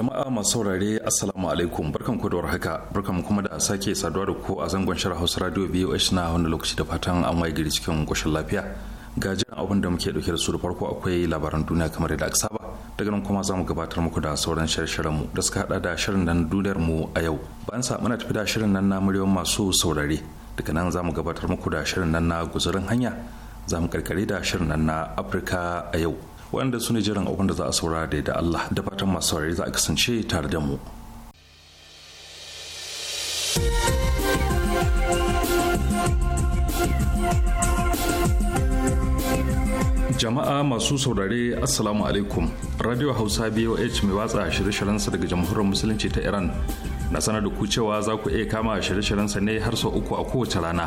jama'a masu saurare assalamu alaikum barkan ku da warhaka barkan kuma da sake saduwa da ku a zangon shirin hausa radio boh na wani lokaci da fatan an waye gari cikin koshin lafiya ga jiran abin da muke dauke da su da farko akwai labaran duniya kamar yadda aka saba daga nan kuma za mu gabatar muku da sauran shirye mu da suka hada da shirin nan duniyar mu a yau bayan sa muna tafi da shirin nan na muryoyin masu saurare daga nan za mu gabatar muku da shirin nan na guzurin hanya za mu karkare da shirin nan na afirka a yau wanda su ne jiran abin da za a saurara da da Allah da fatan masu saurari za a kasance tare da mu. jama'a masu saurare assalamu alaikum radio hausa boh mai watsa shirye shiryen sa daga jamhuriyar musulunci ta iran na sanar da ku cewa za ku iya kama shirye shiryen sa ne har sau uku a kowace rana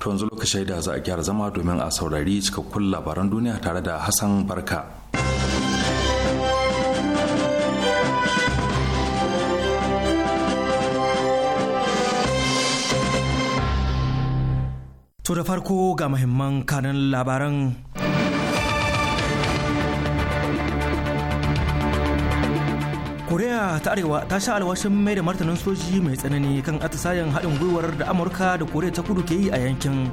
to yanzu lokacin da za a gyara zama domin a saurari cikakkun labaran duniya tare da hassan barka to da farko ga muhimman kanan labaran ta arewa ta sha alwashin mai da martanin soji mai tsanani kan atisayen haɗin gwiwar da amurka da koriya ta kudu ke yi a yankin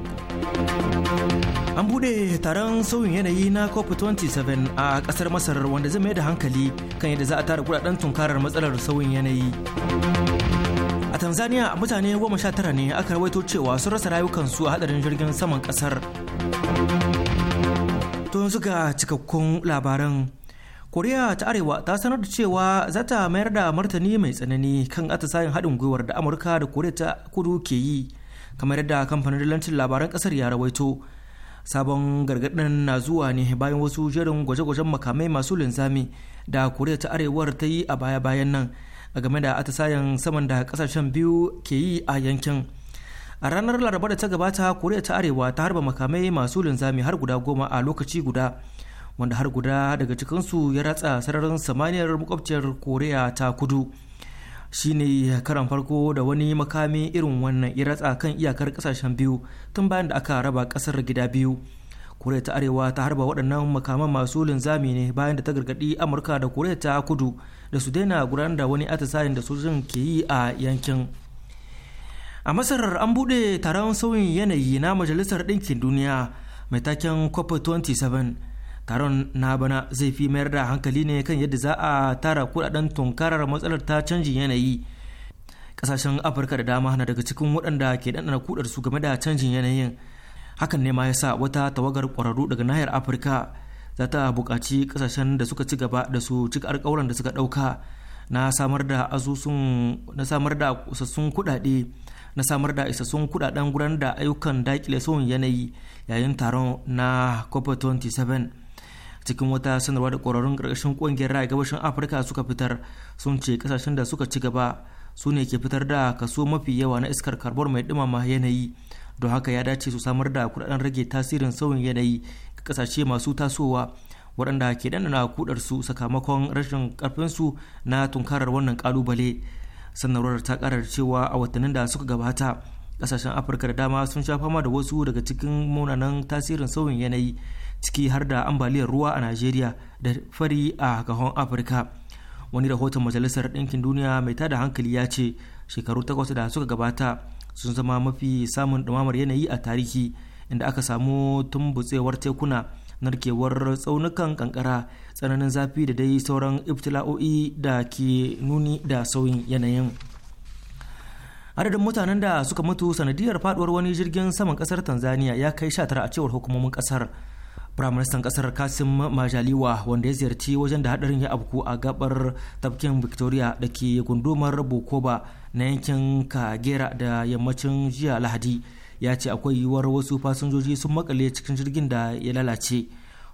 an buɗe taron sauyin yanayi na cop 27 a ƙasar masar wanda zai mai da hankali kan yadda za a tara kudaden tunkarar matsalar sauyin yanayi a tanzania mutane goma sha tara ne aka rawaito cewa sun rasa rayukansu a hadarin jirgin saman ƙasar to yanzu ga cikakkun labaran koriya ta arewa ta sanar da cewa za ta mayar da martani mai tsanani kan atisayen haɗin gwiwar da amurka da koriya ta kudu ke yi kamar yadda kamfanin dalancin labaran ƙasar ya rawaito sabon gargaɗin na zuwa ne bayan wasu jerin gwaje-gwajen makamai masu linzami da koriya ta arewar ta yi a baya-bayan nan a game da atisayen saman da ƙasashen biyu ke yi a yankin a ranar laraba da ta gabata koriya ta arewa ta harba makamai masu linzami har guda goma a lokaci guda wanda har guda daga cikinsu ya ratsa sararin samaniyar makwabciyar koriya ta kudu shine karan farko da wani makami irin wannan ya ratsa kan iyakar kasashen biyu tun bayan da aka raba kasar gida biyu koriya ta arewa ta harba waɗannan makaman masu linzami ne bayan da ta gargaɗi amurka da koriya ta kudu da su daina gudanar da wani atisayen da sojin ke yi a yankin a masarar an buɗe taron sauyin yanayi na majalisar ɗinkin duniya mai taken cop 27 taron na bana zai fi mayar da hankali ne kan yadda za a tara kudaden tunkarar matsalar ta canjin yanayi kasashen afirka da dama na daga cikin waɗanda ke ɗanɗana kudar su game da canjin yanayin hakan ne ma ya sa wata tawagar ƙwararru daga nahiyar afirka za ta buƙaci kasashen da suka ci gaba da su cika alƙawuran da suka ɗauka na samar da asusun isassun kuɗaɗe na samar da isassun kuɗaɗen gudanar da ayyukan daƙile sauyin yanayi yayin taron na cop 27 cikin wata sanarwa da ƙwararrun ƙarƙashin ƙungiyar raya gabashin afirka suka fitar sun ce ƙasashen da suka ci gaba su ne ke fitar da kaso mafi yawa na iskar karbon mai ɗumama yanayi don haka ya dace su samar da kuɗaɗen rage tasirin sauyin yanayi ga ƙasashe masu tasowa waɗanda ke ɗanɗana su sakamakon rashin ƙarfinsu na tunkarar wannan ƙalubale sanarwar ta ƙarar cewa a watannin da suka gabata ƙasashen afirka da dama sun sha fama da wasu daga cikin munanan tasirin sauyin yanayi ciki har da ambaliyar ruwa a najeriya da fari a kahon afirka wani rahoton majalisar ɗinkin duniya mai tada hankali ya ce shekaru takwas da suka gabata sun zama mafi samun ɗumamar yanayi a tarihi inda aka samu tumbutsewar tekuna narkewar tsaunukan kankara tsananin zafi da dai sauran ibtila'o'i da ke nuni da sauyin yanayin adadin mutanen da suka mutu sanadiyar faduwar wani jirgin saman kasar tanzania ya kai 19 a cewar hukumomin kasar firaministan kasar kasim majaliwa wanda ya ziyarci wajen da hadarin ya abku a gabar tafkin victoria da ke gundumar bukoba na yankin kagera da yammacin jiya lahadi ya ce akwai yiwuwar wasu fasinjoji sun makale cikin jirgin da ya lalace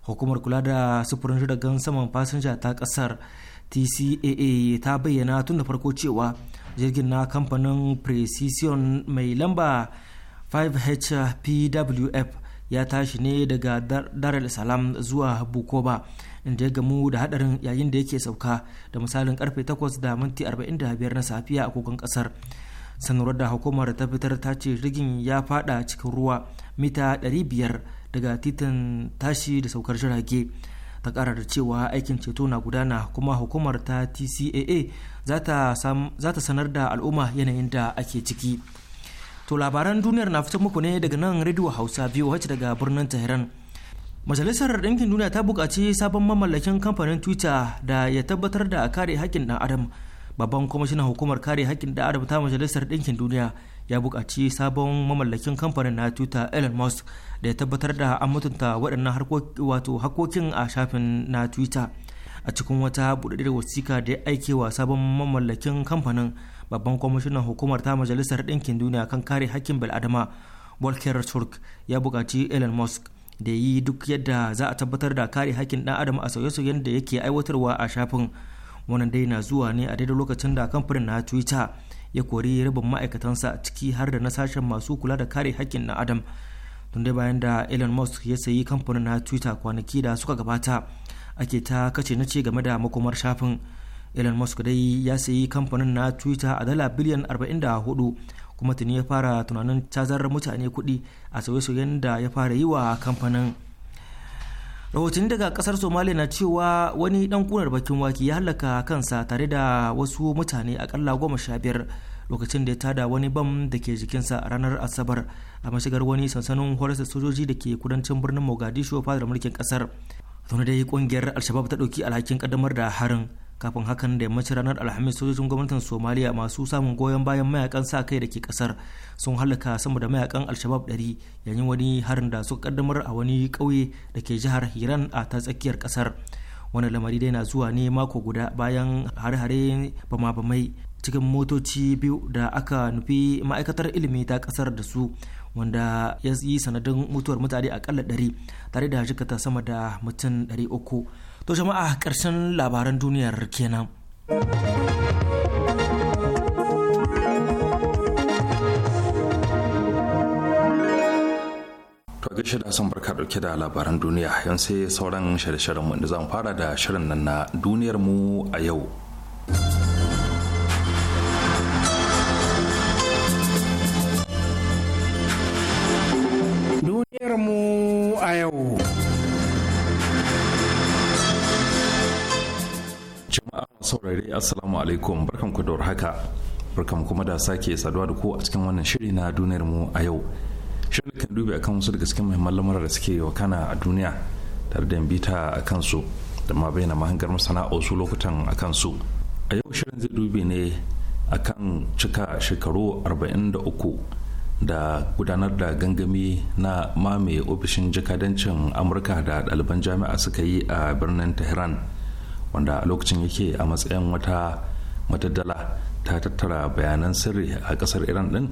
hukumar kula da sufurin jiragen saman fasinja ta kasar tcaa ta bayyana tun da farko cewa jirgin na kamfanin precision mai lamba 5hpwf ya tashi ne daga dar es salaam zuwa bukoba inda ya gamu da hadarin yayin da yake sauka da misalin karfe 8 da minti 45 na safiya a kogon kasar sanarwar da hukumar ta fitar ta ce rigin ya fada cikin ruwa mita 500 daga titin tashi da saukar jirage ta kara da cewa aikin ceto na gudana kuma hukumar ta tcaa za ta sanar da al'umma yanayin da ake ciki To labaran duniyar na fitar muku ne daga nan Radio Hausa VOH daga birnin Tehran. Majalisar Ɗinkin Duniya ta buƙaci sabon mamallakin kamfanin Twitter da ya tabbatar da kare haƙƙin ɗan Adam. Babban kwamishinan hukumar kare haƙƙin ɗan Adam ta Majalisar Ɗinkin Duniya ya buƙaci sabon mamallakin kamfanin na Twitter Elon Musk da ya tabbatar da an mutunta waɗannan wato hakokin a shafin na Twitter. A cikin wata buɗaɗɗiyar wasiƙa da ya aike wa sabon mamallakin kamfanin babban kwamishinan hukumar ta majalisar ɗinkin duniya kan kare hakkin bil'adama volker turk ya buƙaci elon musk da yi duk yadda za a tabbatar da kare hakkin ɗan adam a sauye-sauyen da yake aiwatarwa a shafin wannan dai na zuwa ne a daidai lokacin da kamfanin na twitter ya kori rabin ma'aikatansa ciki har da na sashen masu kula da kare hakkin ɗan adam tun dai bayan da elon musk ya sayi kamfanin na twitter kwanaki da suka gabata ake ta kace na ce game da makomar shafin Elon Musk dai ya sayi kamfanin na Twitter a dala biliyan 44 kuma tuni ya fara tunanin cazar mutane kudi a sauye-sauyen da ya fara yi wa kamfanin. rahotanni daga kasar somalia na cewa wani dan kunar bakin waki ya halaka kansa tare da wasu mutane akalla goma sha biyar lokacin da ya tada wani bam da ke jikinsa a ranar asabar a mashigar wani sansanin horasa sojoji da ke kudancin birnin mogadishu fadar mulkin kasar tuni dai kungiyar alshabab ta dauki alhakin kaddamar da harin kafin hakan da yammacin ranar alhamis sojojin gwamnatin somaliya masu samun goyon bayan mayakan sa kai da ke kasar sun halaka sama da mayakan alshabab 100 yayin wani harin da suka kaddamar a wani ƙauye da ke jihar hiran a ta tsakiyar kasar wani lamari dai na zuwa ne mako guda bayan hare-hare bama-bamai cikin motoci biyu da aka nufi ma'aikatar ilimi ta kasar da su wanda ya yi sanadin mutuwar mutane akalla 100 tare da jikata sama da mutum uku. To jama'a ƙarshen labaran duniyar kenan. To gaishe da san barka dauke da labaran duniya yan sai sauran shirye-shiryen mu da zan fara da shirin nan na duniyar mu a yau. Duniyar mu a yau. saurari assalamu alaikum barkan ku da haka barkan kuma da sake saduwa da ku a cikin wannan shiri na duniyar mu a yau shirin kan dubi akan wasu daga cikin muhimman lamura da suke wa kana a duniya tare da bita a kansu da ma bayyana mahangar masana'o su lokutan a kansu a yau shirin zai dubi ne akan cika shekaru 43 da gudanar da gangami na mamaye ofishin jakadancin amurka da ɗaliban jami'a suka yi a birnin tehran wanda a lokacin yake a matsayin wata mataddala ta tattara bayanan sirri a kasar iran din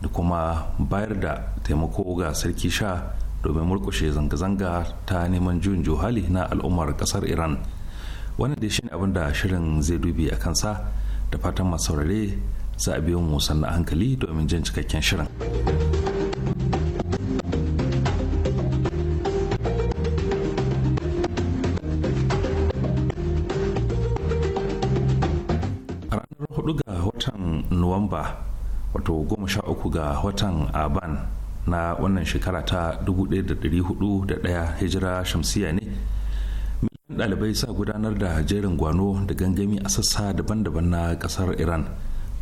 da kuma bayar da taimako ga sarki sha domin murkushe zanga-zanga ta neman juyin juhali na al'ummar kasar iran wannan da shine abin da shirin zai dubi a kansa da fatan masu saurare za a biyo mu sannan hankali domin jin cikakken shirin. nuwamba wato goma sha uku ga watan aban na wannan shekara ta dubu ɗaya da da hudu ɗaya hijira shamsiya ne miliyan ɗalibai sa gudanar da jerin gwano da gangami a sassa daban-daban na ƙasar iran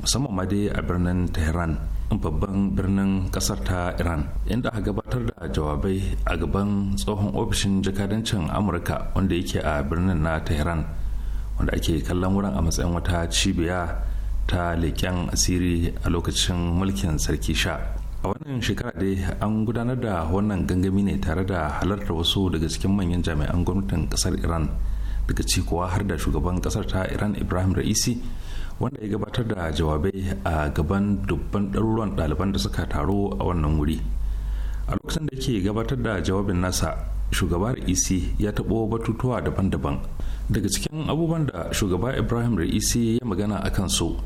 musamman ma dai a birnin tehran babban birnin ƙasar ta iran inda aka gabatar da jawabai a gaban tsohon ofishin jakadancin amurka wanda yake a birnin na tehran wanda ake kallon wurin a matsayin wata cibiya ta leƙen asiri a lokacin mulkin sarki sha a wannan shekara dai an gudanar da wannan gangami ne tare da halartar wasu daga cikin manyan jami'an gwamnatin kasar iran daga ci har da shugaban kasar ta iran ibrahim ra'isi wanda ya gabatar da jawabai a gaban dubban ɗaruruwan ɗaliban da suka taro a wannan wuri a lokacin da ke gabatar da jawabin nasa shugaba ra'isi ya taɓo batutuwa daban-daban daga cikin abubuwan da shugaba ibrahim ra'isi ya magana akan su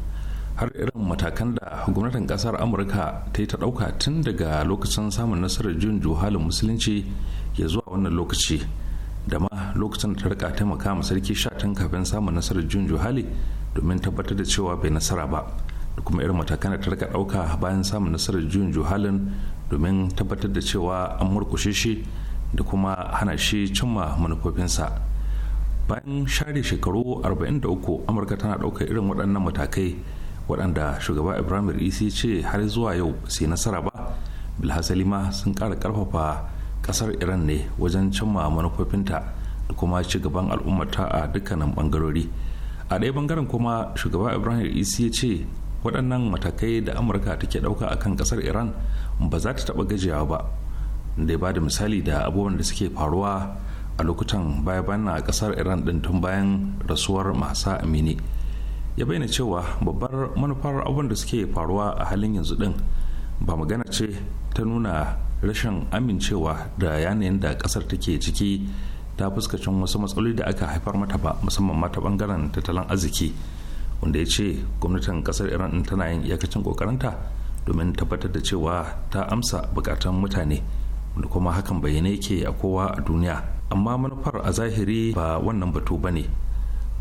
har irin matakan da gwamnatin kasar amurka ta yi ta ɗauka tun daga lokacin samun nasarar jin juhalin musulunci ya zuwa wannan lokaci da ma lokacin da ta rika taimaka ma sarki tun kafin samun nasarar jin juhali domin tabbatar da cewa bai nasara ba da kuma irin matakan da ta rika ɗauka bayan samun nasarar jin juhalin domin tabbatar da cewa an murkushe shi da kuma hana shi cimma manufofinsa bayan share shekaru 43 amurka tana ɗaukar irin waɗannan matakai waɗanda shugaba ibrahim isi ce har zuwa yau sai nasara ba bilhassali ma sun ƙara ƙarfafa ƙasar iran ne wajen cimma manufofinta da kuma ci gaban al'ummata a dukkanin ɓangarori a ɗaya ɓangaren kuma shugaba ibrahim isi ya ce waɗannan matakai da amurka take ɗauka akan ƙasar iran ba za ta taɓa gajiyawa ba da ba da misali da abubuwan da suke faruwa a lokutan baya-bayan na ƙasar iran ɗin tun bayan rasuwar masa amini ya bayyana cewa babbar manufar abin da suke faruwa a halin yanzu din ba magana ce ta nuna rashin amincewa da yanayin da kasar take ciki ta fuskacin wasu matsaloli da aka haifar mata ba musamman mata bangaren tattalin arziki wanda ya ce gwamnatin kasar iran tana yin iyakacin kokarinta domin tabbatar da cewa ta amsa bukatun mutane wanda kuma hakan bayyana yake a kowa a duniya amma manufar a zahiri ba wannan batu ba ne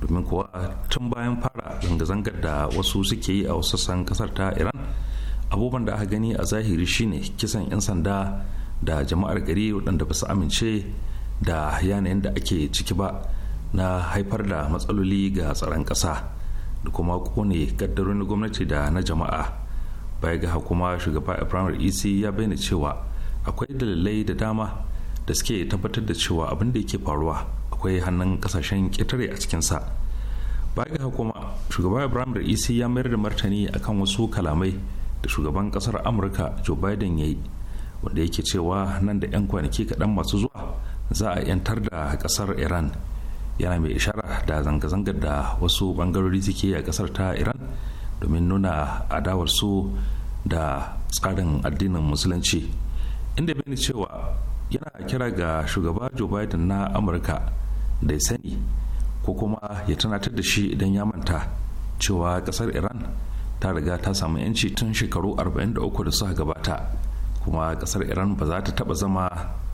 domin kuwa tun bayan fara zanga-zangar da wasu suke yi a wasu sassan kasar ta iran abubuwan da aka gani a zahiri shine kisan 'yan sanda da jama'ar gari waɗanda ba su amince da yanayin da ake ciki ba na haifar da matsaloli ga tsaron ƙasa da kuma kone kaddarorin gwamnati da na jama'a baya ga kuma shugaba ibrahim ec ya bayyana cewa akwai dalilai da dama da suke tabbatar da cewa abin da yake faruwa akwai hannun kasashen ƙetare a cikinsa baya kuma shugaba ibrahim isi ya mayar da martani akan wasu kalamai da shugaban kasar amurka joe biden ya yi wanda yake cewa nan da 'yan kwanaki kaɗan masu zuwa za a 'yantar da kasar iran yana mai ishara da zanga-zangar da wasu bangarori suke a kasar ta iran domin nuna adawarsu da tsarin addinin musulunci inda bai cewa yana kira ga shugaba joe biden na amurka da ya sani ko kuma ya tunatar da shi idan ya manta cewa kasar iran ta riga ta samu yanci tun shekaru 43 da suka gabata kuma kasar iran ba za ta taba zama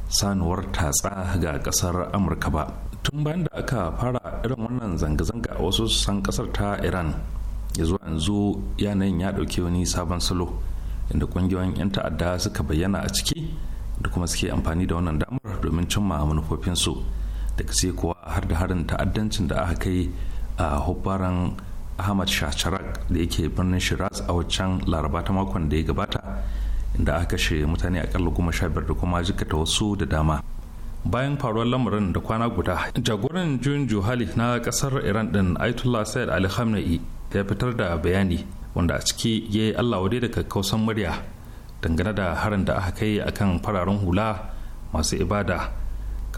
sanuwar tatsa ga kasar amurka ba tun bayan da aka fara irin wannan zanga-zanga a wasu san kasar ta iran ya zuwa yanzu yanayin ya ɗauki wani sabon salo inda ƙungiyoyin 'yan ta'adda suka bayyana a ciki da kuma suke amfani da wannan damar domin cimma manufofinsu daga sai kuwa har da harin ta'addancin da aka kai a hubbaran ahmad shacharak da yake birnin shiraz a waccan laraba ta makon da ya gabata inda aka kashe mutane akalla goma sha biyar da kuma jikata wasu da dama bayan faruwar lamarin da kwana guda jagoran jun juhali na kasar iran din aitullah sayed ali khamenei ya fitar da bayani wanda a ciki ya yi allah wadai da kausan murya dangane da harin da aka kai akan fararen hula masu ibada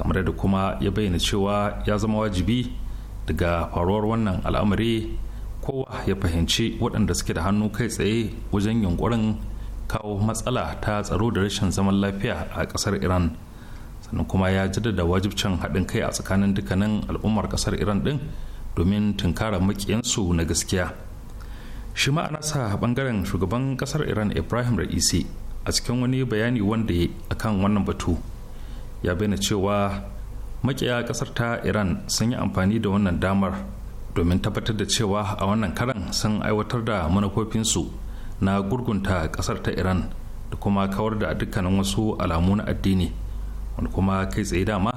kamar da kuma ya bayyana cewa ya zama wajibi daga faruwar wannan al'amari kowa ya fahimci waɗanda suke da hannu kai tsaye wajen yunkurin kawo matsala ta tsaro da rashin zaman lafiya a ƙasar iran sannan kuma ya jaddada wajibcin haɗin kai a tsakanin dukkanin al'ummar ƙasar iran ɗin domin tunkara maƙiyansu na gaskiya shi ma a nasa ɓangaren shugaban ƙasar iran ibrahim ra'isi a cikin wani bayani wanda ya akan wannan batu ya bayyana cewa makiya kasar ta iran sun yi amfani da wannan damar domin tabbatar da cewa a wannan karan sun aiwatar da manufofinsu na gurgunta kasar ta iran da kuma kawar da dukkanin wasu alamu na addini wani kuma kai tsaye dama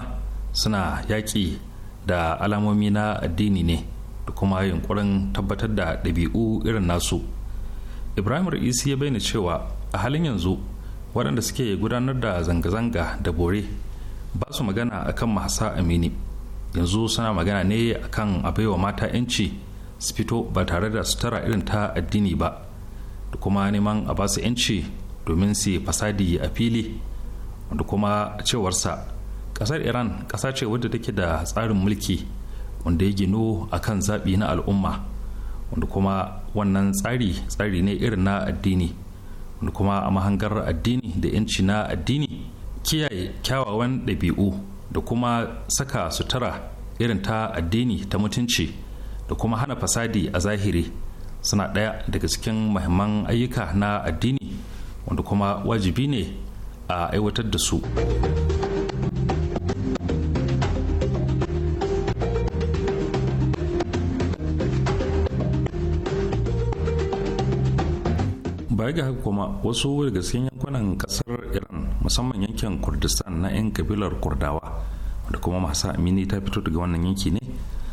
suna yaƙi da alamomi na addini ne da kuma yunkurin tabbatar da ɗabi'u irin nasu ibrahim ra'isi ya bayyana cewa a halin yanzu waɗanda suke gudanar da zanga-zanga da bore ba su magana akan mahasa amini yanzu suna magana ne akan abaiwa mata 'yanci su fito ba tare da sutura irin ta addini ba da kuma neman a basu 'yanci domin su fasadi a fili wanda kuma cewarsa kasar iran kasa ce wadda take da tsarin mulki wanda ya gino akan kan zaɓi na al'umma wanda kuma wannan tsari tsari ne irin na addini wanda kuma a mahangar addini da 'yanci na addini kiyaye kyawawan ɗabi'u da kuma saka sutura irin ta addini ta mutunci da kuma hana fasadi a zahiri suna ɗaya daga cikin mahimman ayyuka na addini wanda kuma wajibi ne a aiwatar da su ba ga haka kuma wasu daga cikin yankunan kasar iran musamman yankin kurdistan na 'yan kabilar kurdawa da kuma masu amini ta fito daga wannan yanki ne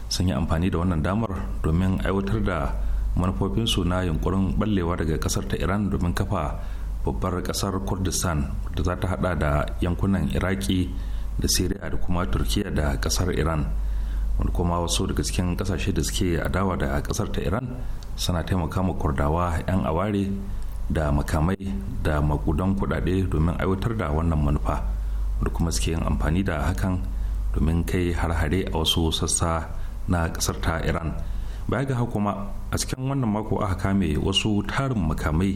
sun yi amfani da wannan damar domin aiwatar da manufofinsu na yunkurin ballewa daga kasar ta iran domin kafa babbar kasar kurdistan da za ta hada da yankunan iraki da syria da kuma turkiya da kasar iran wanda kuma wasu daga cikin kasashe da suke adawa da kasar ta iran suna taimaka kurdawa 'yan aware da makamai da makudan kudade domin aiwatar da wannan manufa da kuma suke yin amfani da hakan domin kai har-hare a wasu sassa na kasar ta iran baya ga kuma a cikin wannan mako aka kame wasu tarin makamai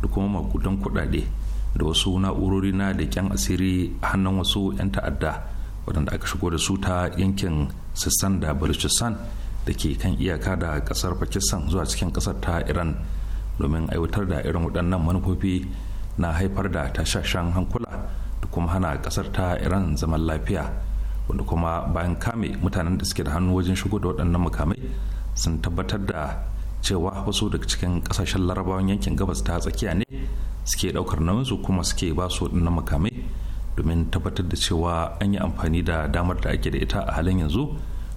da kuma makudan kudade da wasu na'urori na da kyan asiri a hannun wasu 'yan ta'adda waɗanda aka shigo da su ta yankin sassan da baluchistan da ke kan iyaka da kasar pakistan zuwa cikin ƙasar ta iran domin aiwatar da irin waɗannan manufofi na haifar da tashashen hankula da kuma hana ƙasar ta iran zaman lafiya wanda kuma bayan kame mutanen da suke da hannu wajen shigo da waɗannan makamai sun tabbatar da cewa wasu daga cikin ƙasashen larabawan yankin gabas ta tsakiya ne suke ɗaukar nauyinsu kuma suke ba su waɗannan makamai domin tabbatar da cewa an yi amfani da damar da ake da ita a halin yanzu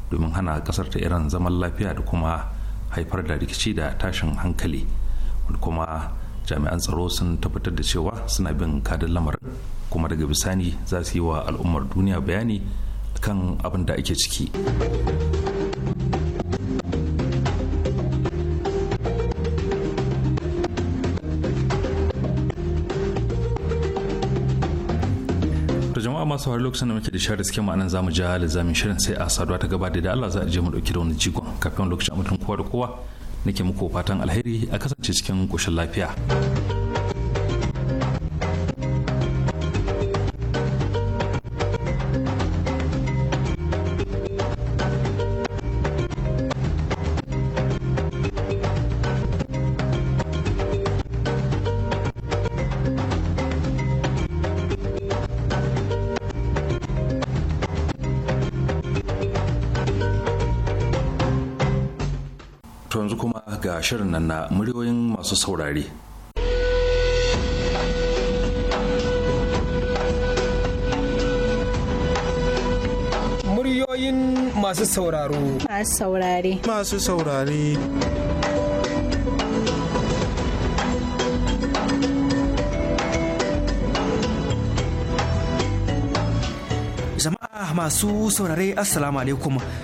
domin hana kasar ta iran zaman lafiya da kuma haifar da rikici da tashin hankali kuma jami'an tsaro sun tabbatar da cewa suna bin kadin lamarin kuma daga bisani za su yi wa al'ummar duniya bayani kan abin da ake ciki jama'a masu har lokacin da muke da shirin suke ma'anan zamu ja lizamin shirin sai a saduwa ta gaba da Allah za a je mu dauki da wani jigon kafin lokacin mutum kowa da kowa nake muku fatan alheri a kasance cikin koshin lafiya. shirin nan na muryoyin masu saurare. Muryoyin masu sauraro. Masu saurare. Masu saurare. Jama'a masu saurare Assalamu alaikum.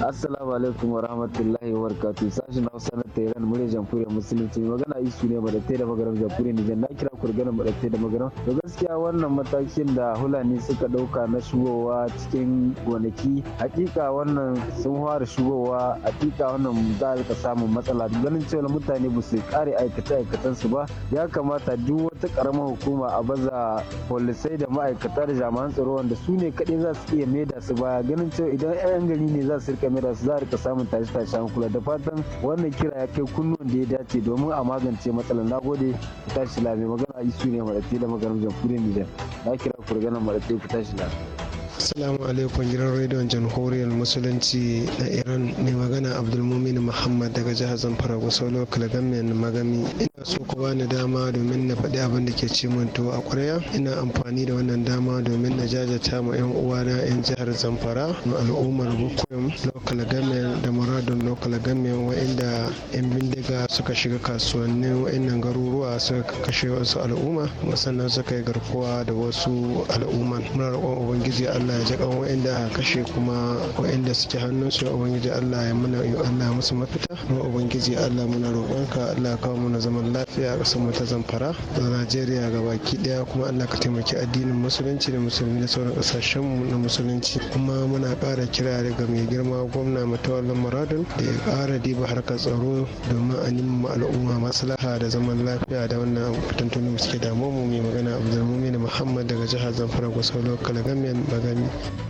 Assalamu alaikum wa rahmatullahi wa barakatuh. Sashen Hausa na Tehran murya jamhuriyar musulunci magana isu ne ba da magana jamhuriyar Nijar na kira kurganin ba da magana. To gaskiya wannan matakin da Hulani suka dauka na shugowa cikin gonaki hakika wannan sun fara shugowa hakika wannan za a samun matsala ganin cewa mutane ba su kare aikace aikacen su ba ya kamata duk ta karamar hukuma a baza polisai da ma'aikata da jami'an tsaro wanda su ne kaɗai za su iya maida su baya ganin cewa idan 'yan gari ne za su rika maida su za a rika samun tashi tashi kula da fatan wannan kira ya kai kunnuwan da ya dace domin a magance matsalar na gode ku tashi lafiya magana isu ne maɗafi da maganar jamhuriyar nijar na kira ku daga nan maɗafi ku tashi lafiya. Assalamu alaikum gidan rediyon jamhuriyar musulunci na Iran mai magana Abdulmumin Muhammad daga jihar Zamfara Gusolo Kalgamiyan Magami. Ina so ku bani dama domin na faɗi abin da ke ci to a ƙwarya. Ina amfani da wannan dama domin na jajata ma 'yan uwana 'yan jihar Zamfara na al'ummar Bukuyum Lokal Government da Muradun Lokal Government wa'inda 'yan bindiga suka shiga kasuwannin wa'innan garuruwa suka kashe wasu al'umma sannan suka yi garkuwa da wasu al'umman. Muna roƙon Ubangiji Allah Allah ya jaƙan wa'anda a kashe kuma wa'anda suke su wani ubangiji Allah ya muna yi Allah musu mafita kuma ubangiji Allah muna roƙonka Allah kawo muna zaman lafiya a ƙasar mu ta zamfara da Najeriya gabaki daya kuma Allah ka taimaki addinin musulunci da musulmi da sauran ƙasashen mu na musulunci kuma muna kara kira daga mai girma gwamna matawallan muradun da ya ƙara diba harkar tsaro domin a nima al'umma maslaha da zaman lafiya da wannan fitantuni suke damu mu mai magana Abdulmumin Muhammad daga jihar Zamfara Gusau Lokal Gamiyan Magami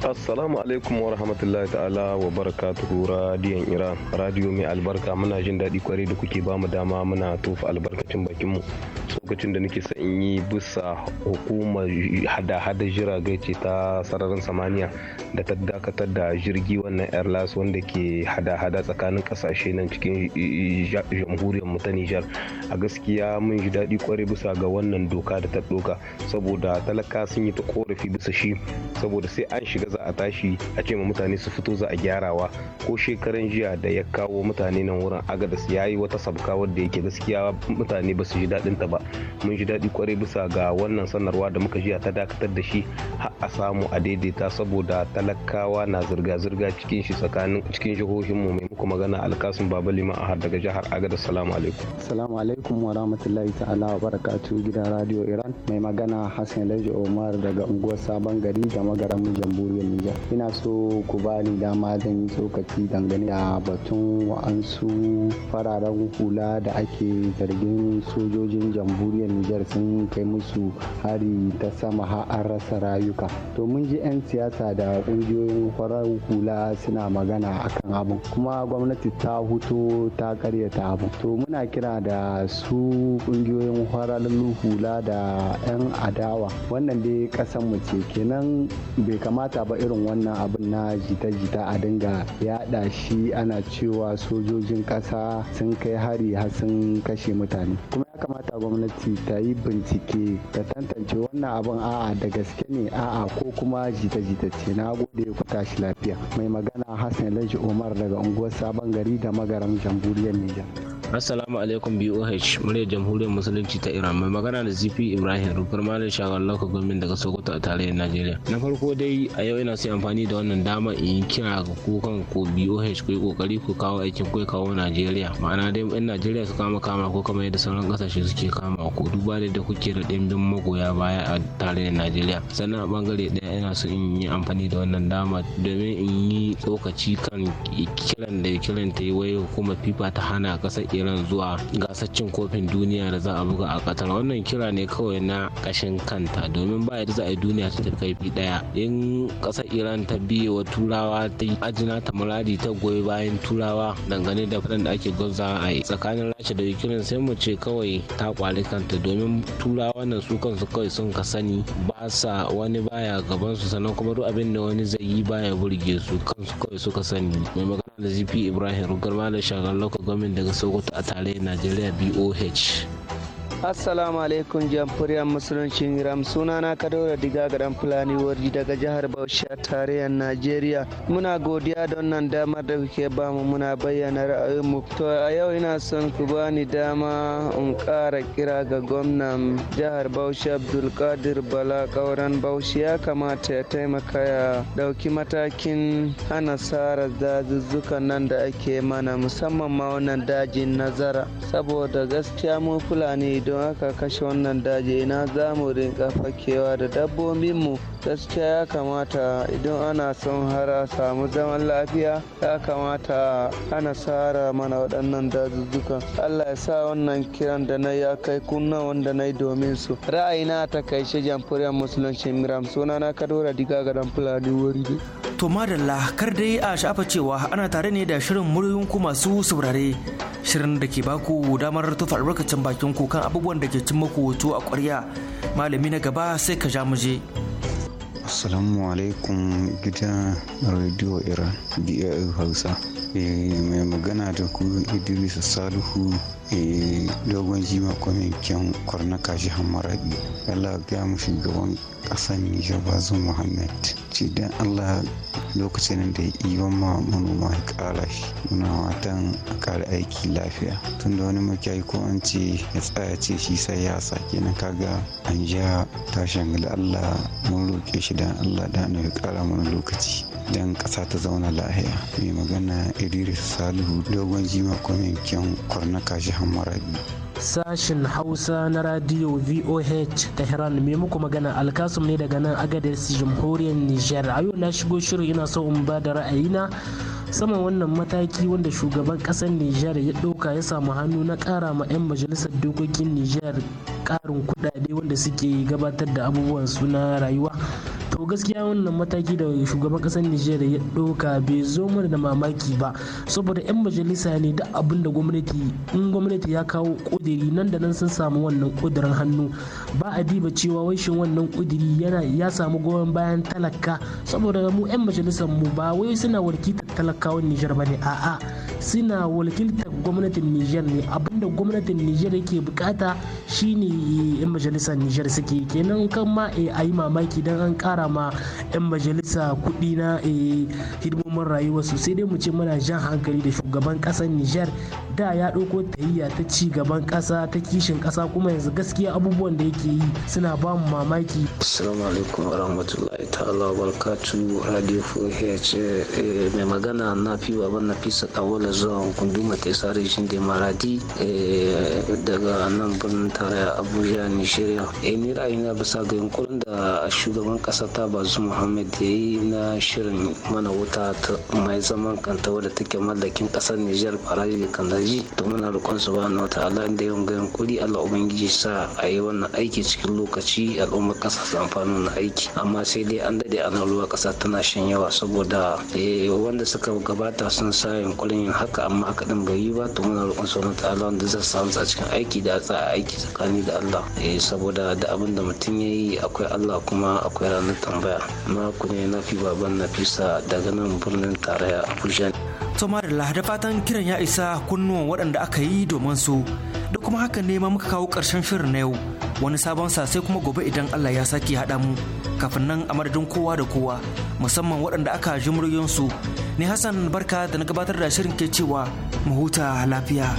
Assalamu alaikum wa rahmatullahi ta'ala wa barakatuhu radiyon Iran. Radiyo mai albarka muna jin daɗi kwarai da kuke bamu dama muna tofa albarkacin bakinmu. Lokacin da nake son yi bisa hukumar hada-hada jiragai ce ta sararin samaniya da ta dakatar da jirgi wannan airlas wanda ke hada-hada tsakanin kasashe nan cikin jamhuriyar mu ta Nijar. A gaskiya mun ji daɗi kwarai bisa ga wannan doka da ta doka saboda talaka sun yi ta korafi bisa shi saboda sai an shiga za a tashi a ce ma mutane su fito za a gyarawa ko shekaran jiya da ya kawo mutane nan wurin agadas ya yi wata sabka wadda yake gaskiya mutane ba su ji daɗin ta ba mun ji daɗi kwarai bisa ga wannan sanarwa da muka jiya ta dakatar da shi har a samu a daidaita saboda talakawa na zirga-zirga cikin shi tsakanin cikin jihohin mu mai muku magana alkasun baba liman ahar daga jihar agadas salamu alaikum salamu alaikum wa rahmatullahi ta'ala wa barakatu gidan radio iran mai magana hassan laji omar daga unguwar sabon gari da magara mu jamhuriyar Nijar. Ina so ku bani dama zan yi tsokaci dangane da batun wa'ansu fararen hula da ake zargin sojojin jamhuriyar Nijar sun kai musu hari ta sama har rasa rayuka. To mun ji 'yan siyasa da ƙungiyoyin farar hula suna magana akan abu. kuma gwamnati ta huto ta karyata abin. To muna kira da su ƙungiyoyin farar hula da 'yan adawa wannan dai ƙasar mu ce kenan bai kamata ba irin wannan abin na jita-jita a dinga yaɗa shi ana cewa sojojin ƙasa sun kai hari har sun kashe mutane kuma ya kamata gwamnati ta yi bincike ta tantance wannan abin a'a da gaske ne a'a ko kuma jita-jita ce na gode ku tashi lafiya mai magana hassan laji umar daga unguwar sabon gari da magaran jamhuriyar nijar Assalamu alaikum BOH murya jamhuriyar musulunci ta Iran mai magana da ZP Ibrahim rufar malam shagon lokacin gwamnatin daga Sokoto a tarayyar Najeriya. Na farko dai a yau ina so amfani da wannan dama in kira ga ku kan ko BOH ku yi kokari ku kawo aikin ku kawo Najeriya. Ma'ana dai in Najeriya su kama kama ko kamar yadda sauran kasashe suke kama ko duba da da kuke da dimbin magoya baya a tarayyar Najeriya. Sannan a bangare ɗaya ina so in yi amfani da wannan dama domin in yi tsokaci kan kiran da kiran ta yi wai hukumar FIFA ta hana kasar iran zuwa gasar cin kofin duniya da za a buga a katar wannan kira ne kawai na kashin kanta domin ba yadda za a yi duniya ta tafi kaifi daya in kasar iran ta biye wa turawa ta yi ajina ta muradi ta goyi bayan turawa dangane da fadan da ake gwabza a yi tsakanin rasha da ukraine sai mu ce kawai ta kwali kanta domin turawa nan su kansu kawai sun ka sani ba sa wani baya gaban su sannan kuma duk abin da wani zai yi baya burge su kansu kawai suka sani mai magana Lazifi Ibrahim rugar malam shagar local daga Sokoto a tarayyar Najeriya BOH. assalamu alaikum jamhuriyar musuluncin ram sunana kadora diga dan fulani warji daga jihar bauchi a tarayyar najeriya muna godiya don nan damar da kuke bamu muna bayyana ra'ayinmu to a yau ina son ku bani dama in ƙara kira ga gwamnan jihar bauchi abdulkadir bala kauran bauchi ya kamata ya taimaka ya ɗauki matakin hana sara dazuzzukan nan da ake mana musamman ma wannan dajin nazara saboda gaskiya mu fulani don haka kashe wannan daji ina za mu rinka fakewa da dabbobinmu gaskiya ya kamata idan ana son hara samu zaman lafiya ya kamata ana sara mana waɗannan dazuzzukan. allah ya sa wannan kiran da na ya kai kunna wanda na yi domin su ra'ayina ta kai shi jamfuriyar musulunci miram suna na kadora diga ga dan fulani wuri to madalla kar dai a sha'afa cewa ana tare ne da shirin muryoyinku masu saurare shirin da ke baku damar tufa albarkacin bakin ku kan abubuwan da ke cin maku hoto a ƙwarya malami na gaba sai ka ja muje Assalamu alaikum gidan Radio Iran, DIY Hausa. Eh, mai magana da ku Idris Salihu Eh, dogon jima kyan kwarnaka jihar maradi allah ya mu shugaban ƙasar nijar bazu muhammad ce dan allah lokacin da ya iya ma manoma ya ƙara shi muna watan a kare aiki lafiya tun da wani makiyayi ko an ce ya tsaya ce shi sai ya sake na kaga an ja tashin da allah mun roƙe shi dan allah da ya kara mana lokaci dan ƙasa ta zauna lahiya mai magana idris salihu dogon jima kyan kwarnaka jihar sashen Sashen Hausa na Radio VOH Tehran mai muku magana alkasum ne daga nan Agadez Jamhuriyar Nijar. A yau na shigo shirin ina so in ba da ra'ayina saman wannan mataki wanda shugaban kasar Nijar ya ɗauka ya samu hannu na ƙara ma 'yan majalisar dokokin Nijar ƙarin kuɗaɗe wanda suke gabatar da abubuwan suna rayuwa. to gaskiya wannan mataki da shugaban kasar nijar ya doka bai zo mana da mamaki ba saboda 'yan majalisa ne da abin da gwamnati in gwamnati ya kawo ƙudiri nan da nan sun samu wannan kudirin hannu ba a diba cewa wai wannan kudiri yana ya samu goyon bayan talaka saboda mu 'yan majalisar mu ba wai suna walkitar talakawan nijar ba ne a'a suna wakiltar gwamnatin nijar ne da gwamnatin nijar yake bukata shine 'yan majalisar nijar suke kenan kan ma eh, a yi mamaki don an kara ma 'yan majalisa kudi na eh, hidimomin rayuwa su sai dai mu ce muna jan hankali da shugaban kasar Nijar da ya ɗauko tahiyya ta ci gaban kasa ta kishin ƙasa kuma yanzu gaskiya abubuwan da yake yi suna ba mu mamaki. Assalamu alaikum warahmatullahi ta'ala wa barakatu Radio 4H eh, mai magana na fi ban na sa kawala zuwa gunduma ta sare reshin da maradi eh, daga nan birnin tare Abuja Nijeriya. Eh ni ra'ayina bisa ga yunkurin da shugaban ƙasa ta ta bazu muhammad ya yi na shirin mana wuta mai zaman kanta wadda take mallakin kasar nijar faraji da kandaji to muna roƙon su ba na wata ala da yawan gayan kuɗi allah ubangiji sa a yi wannan aiki cikin lokaci al'ummar ƙasa su amfani na aiki amma sai dai an dade ana ruwa ƙasa tana shan yawa saboda eh, wanda suka gabata sun sa yunkurin yin haka amma haka ɗin bai yi ba to muna roƙon su na ta'ala wanda zai samu a cikin aiki da a aiki tsakani da allah eh, saboda da abin da mutum ya yi akwai allah kuma akwai ranar tambaya amma ku ne na fi baban na fisa daga nan birnin tarayya abuja to da fatan kiran ya isa kunnuwan waɗanda aka yi domin su da kuma haka ne ma muka kawo ƙarshen shirin na yau wani sabon sa sai kuma gobe idan allah ya sake haɗa mu kafin nan a madadin kowa da kowa musamman waɗanda aka ji muryoyinsu ne hassan barka da na gabatar da shirin ke cewa mu huta lafiya.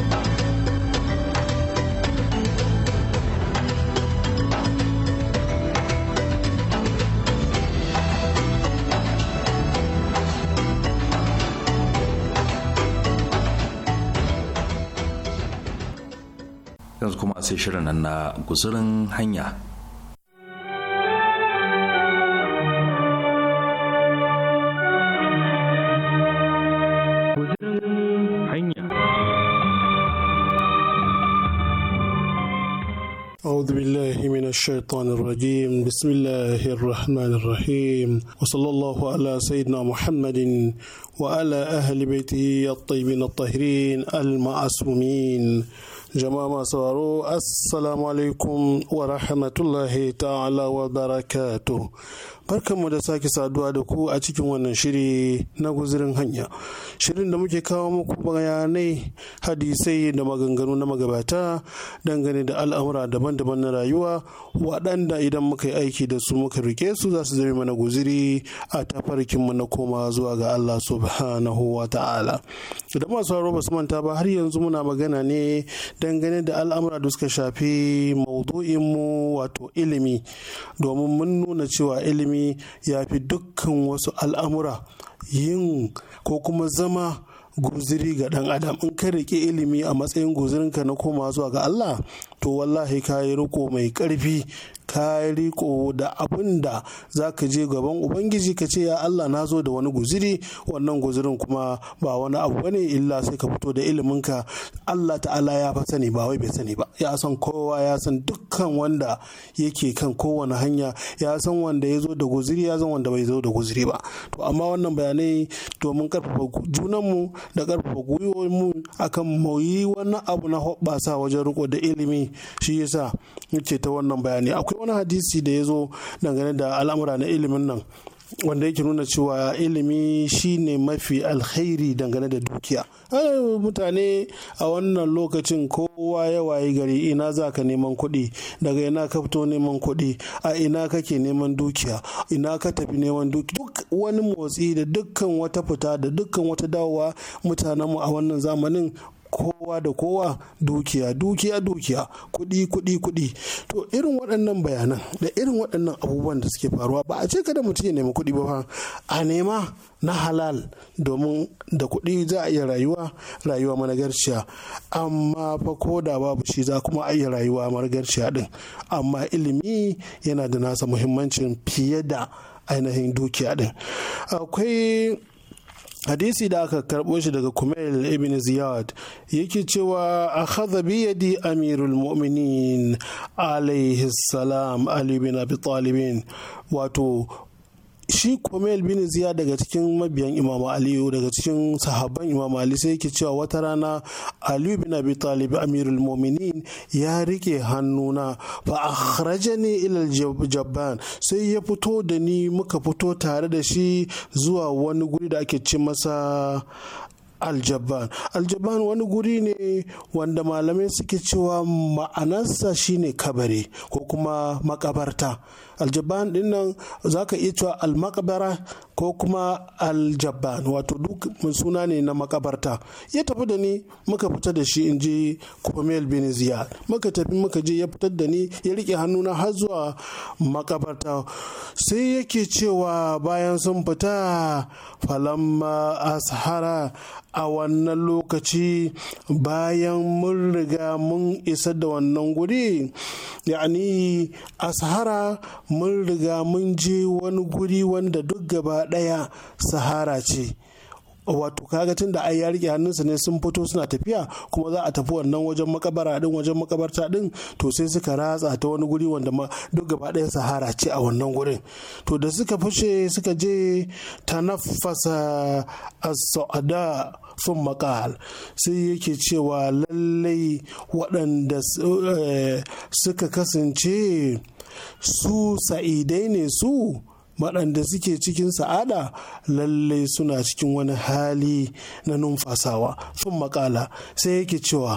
kuma sai shirin nan na guzurin hanya أعوذ بالله من الشيطان الرجيم بسم الله الرحمن الرحيم وصلى الله على سيدنا محمد وعلى أهل بيته الطيبين الطاهرين المعصومين jama'a masu sauraro assalamu alaikum wa rahmatullahi ta'ala wa barakatuh barkanmu da sake saduwa da ku a cikin wannan shiri na guzurin hanya shirin da muke kawo muku bayanai hadisai da maganganu na magabata dangane da al'amura daban-daban na rayuwa waɗanda idan muka yi aiki da su muka rike su za su zama mana guziri a mu na koma zuwa ga allah subhanahu wa ta'ala idan masu haro ba su manta ba har yanzu muna magana ne dangane da al'amura da suka shafi mu wato ilimi domin mun nuna cewa ilimi ilimi ya fi dukkan wasu al'amura yin ko kuma zama guziri ga ɗan adam in ka riƙe ilimi a matsayin guzirinka na koma zuwa ga Allah to wallahi ka yi riko mai karfi ka yi riko da abin da za ka je gaban ubangiji ka ce ya allah na zo da wani guziri wannan guzirin kuma ba wani abu bane illa sai ka fito da iliminka allah ta'ala ya fa sani ba wai bai sani ba ya san kowa ya san dukkan wanda yake kan kowane hanya ya san wanda ya zo da guziri ya san wanda bai zo da guziri ba to amma wannan bayanai domin karfafa junanmu da karfafa gwiwoyinmu akan mu yi wani abu na hoɓɓasa wajen riko da ilimi shi yasa yace ta wannan bayani akwai wani hadisi da ya zo dangane da al'amura na ilimin nan wanda yake nuna cewa ilimi shine mafi alkhairi dangane da dukiya mutane a wannan lokacin kowa ya wayi gari ina za ka neman kuɗi daga ina ka fito neman kuɗi a ina kake neman dukiya ina ka tafi neman dukiya duk wani motsi da dukkan wata fita da dukkan wata dawowa mutanenmu a wannan zamanin kowa da kowa dukiya dukiya dukiya kuɗi kuɗi kuɗi to irin waɗannan bayanan da irin waɗannan abubuwan da suke faruwa ba a ce kada mutum ya nemi kuɗi ba a nema na halal domin da kuɗi za a iya rayuwa rayuwa managarciya amma fa ko da babu shi za kuma a iya rayuwa managarciya din amma ilimi yana da nasa muhimmancin fiye da ainihin dukiya din akwai hadisi da aka karɓo shi daga kumail ibn ziyad yake cewa a haza biyadi amirul mu'minin alaihi salam ali bin abi talibin wato shi komel bin ziya daga cikin mabiyan imamu aliyu daga cikin sahaban imamu ali sai yake cewa wata rana aliyu bin abi talib amirul mominin ya rike hannuna fa ne ilal jabban sai ya fito da ni muka fito tare da shi zuwa wani guri da ake ce masa aljabban aljabban wani guri ne wanda malamai suke cewa ma'anarsa shine kabari ko kuma makabarta aljabban dinnan za ka iya cewa almakabara ko kuma aljabban wato duk suna ne na makabarta ya tafi da ni muka fita da shi in je kumel bin muka tafi muka je ya fitar da ni ya rike hannuna har zuwa makabarta sai yake cewa bayan sun fita falamma ashara a wannan lokaci bayan mun riga mun isa da wannan guri ya'ani ashara mun riga mun je wani guri wanda duk gaba ɗaya sahara ce wato kaga tun da ai ya rike hannunsa ne sun fito suna tafiya kuma za a tafi wannan wajen makabara din wajen makabarta din to sai suka ratsa ta wani guri wanda duk gaba ɗaya sahara ce a wannan gurin to da suka fushe suka je ta nafasa saada sun makal sai yake cewa lallai waɗanda eh, suka kasance su sa'idai ne su waɗanda suke cikin sa'ada lalle suna cikin wani hali na numfasawa sun makala sai yake cewa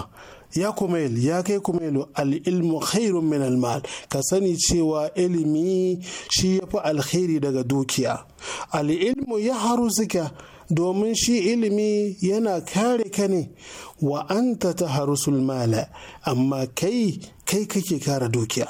ya kumail ya kai kumailu al'ilmu khairun min almal ka sani cewa ilimi shi ya fi alkhairi daga dukiya al'ilmu ya haru suka domin shi ilimi yana kare ka ne wa'anta ta harusul mala amma kai kai kake kare dukiya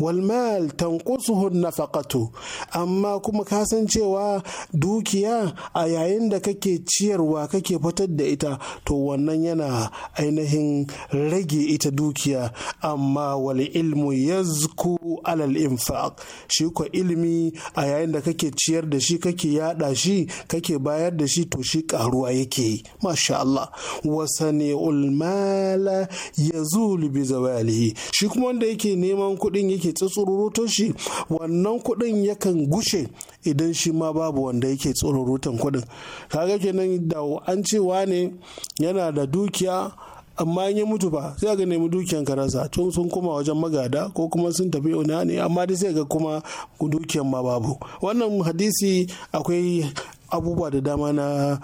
walmal tanqusuhu nafaqatu amma kuma ka san cewa dukiya a yayin da kake ciyarwa kake fitar da ita to wannan yana ainihin rage ita dukiya amma wal ilmu yazku alal infaq shi ko ilimi a yayin da kake ciyar da shi kake yada shi kake bayar da shi to shi karuwa yake masha Allah wasani ulmala yazul bi zawalihi shi kuma wanda yake neman kuɗin yake shi wannan kuɗin yakan gushe idan shi ma babu wanda yake tsururutan kuɗin kaga kenan da an cewa ne yana da dukiya amma in ya mutu ba sai ga nemi dukiyan karasa tun sun koma wajen magada ko kuma sun tafi ne amma dai sai ga kuma dukiyan ma babu wannan hadisi akwai abubuwa da dama na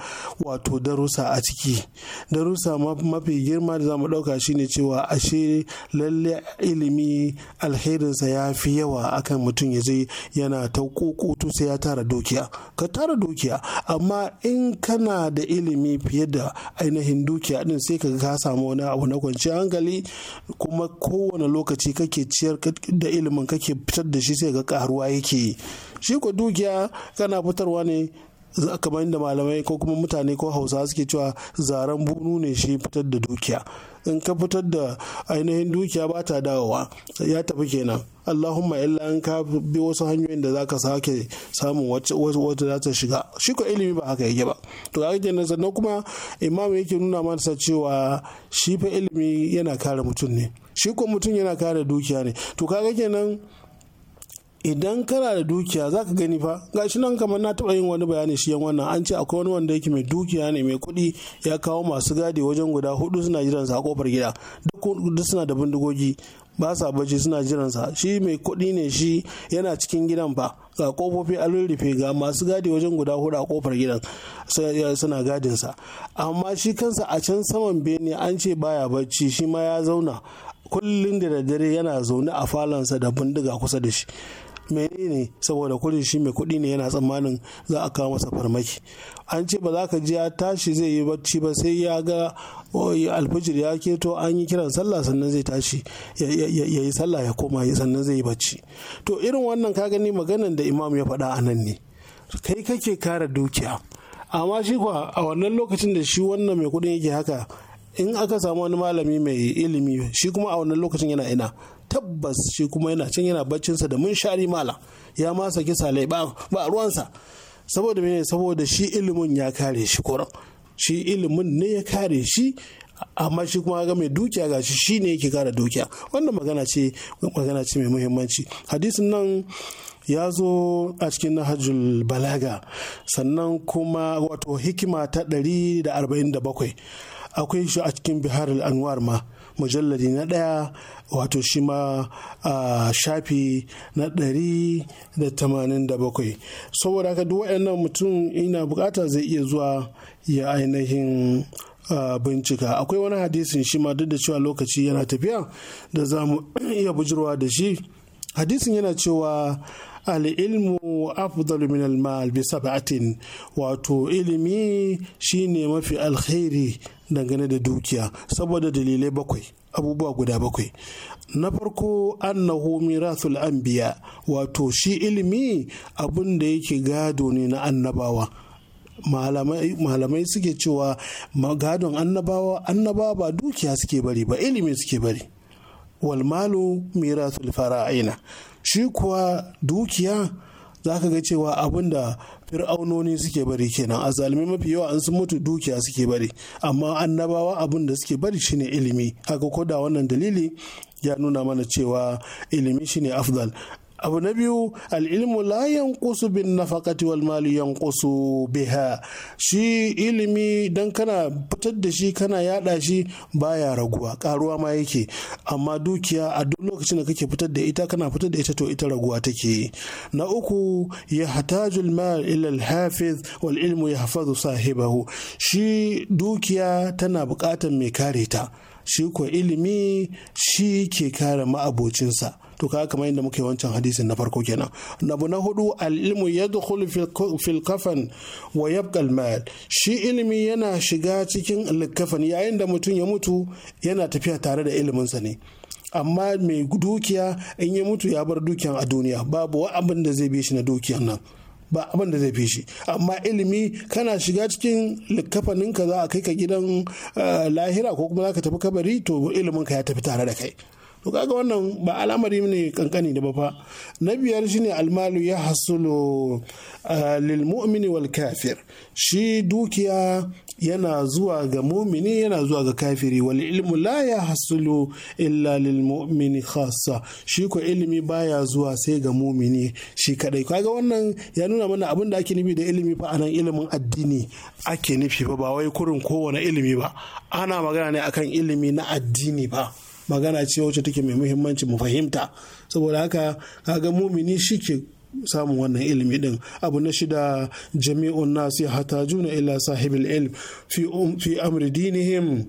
wato darussa a ciki darussa mafi girma da zamu mu ɗauka shine cewa ashe lalle ilimi alherinsa ya fi yawa akan mutum ya je yana ta kokoto sai ya tara dukiya ka tara dukiya amma in kana da ilimi fiye da ainihin dukiya din sai ka ka samu wani abu na kwanciyar hankali kuma kowane lokaci kake ciyar da ilimin kake fitar da shi sai ga karuwa yake yi shi ko dukiya kana fitarwa ne kamar da malamai ko kuma mutane ko hausa suke cewa zaren bunu ne shi fitar da dukiya in ka fitar da ainihin dukiya ba ta dawowa ya tafi kenan allahumma illa in ka bi wasu hanyoyin da zaka sake samun wata za ta shiga shi ko ilimi ba haka yake ba to ga kenan sannan kuma imam yake nuna masa cewa shi fa ilimi yana kare mutum ne shi ko mutum yana kare dukiya ne to kaga kenan idan kana da dukiya za ka gani fa ga shi nan kamar na taɓa yin wani bayani shi yan wannan an ce akwai wani wanda yake mai dukiya ne mai kuɗi ya kawo masu gadi wajen guda hudu suna jiran sa a kofar gida duk suna da bindigogi ba sa bacci suna jiran sa shi mai kuɗi ne shi yana cikin gidan fa ga kofofi an rufe ga masu gadi wajen guda hudu a kofar gidan eh, suna gadin sa amma shi kansa a can saman bene an ce baya bacci shi ma ya zauna kullum da daddare yana zaune a falonsa da bindiga kusa da shi menene saboda kudin shi mai kudi ne yana tsammanin za a kawo masa farmaki an ce ba za ka ji ya tashi zai yi bacci ba sai ya ga alfijir ya keto an yi kiran sallah sannan zai tashi ya yi sallah ya koma sannan zai yi bacci to irin wannan ka gani maganan da imam ya faɗa a nan ne kai kake kara dukiya amma shi kuwa a wannan lokacin da shi wannan mai kudin yake haka in aka samu wani malami mai ilimi shi kuma a wannan lokacin yana ina tabbas shi kuma yana can yana baccinsa da mun shari mala ya ma saki salai ba ruwansa saboda mene saboda shi ilimin ya kare shi koran shi ilimin ne ya kare shi amma shi kuma ga mai dukiya ga shi shi ne yake kara dukiya wannan magana ce magana ce mai muhimmanci hadisin nan ya zo a cikin nahajul balaga sannan kuma wato hikima ta 147 akwai shi a cikin bihar anwar ma mujalladi na ɗaya wato shi ma a shafi na ɗari da tamanin da bakwai saboda haka duk waɗannan mutum ina bukata zai iya zuwa ya ainihin bincika akwai wani hadisin shi ma duk da cewa lokaci yana tafiya da za mu iya bujirwa da shi hadisin yana cewa al'ilmu afdal min al-mal bi sab'atin wato ilimi shine mafi alkhairi dangane da dukiya saboda dalilai bakwai abubuwa guda bakwai na farko annahu mirathul anbiya wato shi ilimi abin da yake gado ne na annabawa malamai suke cewa gadon annabawa annabawa ba dukiya suke bari ba ilimi suke bari walmalu mirathul fara'ina shi kuwa dukiya za ka ga cewa abin da fir'aunoni suke bari kenan a zalumi mafi yawa an sun mutu dukiya suke bari amma annabawa abin da suke bari shine ilimi haka ko da wannan dalili ya nuna mana cewa ilimi shine afdal abu na biyu al'ilmu la yanqusu bin fakati wal mali yanqusu biha shi ilimi dan kana fitar da shi kana yada shi baya raguwa karuwa ma yake amma dukiya a duk lokacin da kake fitar da ita kana fitar da ita to ita raguwa take na uku ya hatajul mal ila al hafiz wal ilmu yahfazu sahibahu shi dukiya tana bukatar mai kare ta shi ko ilimi shi ke kare ma'abocinsa to ka kamar yadda muke wancan hadisin na farko kenan bu na hudu al-ilmu yadkhulu fil kafan wa yabqa al-mal shi ilimi yana shiga cikin al-kafan yayin da mutum ya mutu yana tafiya tare da ilimin sa ne amma mai dukiya in ya mutu ya bar dukiyan a duniya babu wa abin da zai bi shi na dukiyan nan ba abin da zai fi shi amma ilimi kana shiga cikin likkafaninka za a kai ka gidan eh, lahira ko kuma za ka tafi kabari to iliminka ya tafi tare da kai to kaga wannan ba al'amari ne kankani da ba fa na biyar shine almalu ya hasulu eh, lil mu'mini wal kafir shi dukiya yana zuwa ga mumini yana zuwa ga kafiri wal ilmu la ya hasulu illa lil mu'mini khassa shi ko ilimi baya zuwa sai ga mumini shi kadai kaga wannan ya nuna mana abin da ake nufi da ilimi fa anan ilimin addini ake nufi fa ba wai kurin kowane ilimi ba ana magana ne akan ilimi na addini ba magana ce wacce take mai muhimmanci mu fahimta saboda haka kaga mumini shi ke samun wannan ilimi din abu na shida jami'un nasu ya hata juna ila sahibul ilm um, fi amri dinihim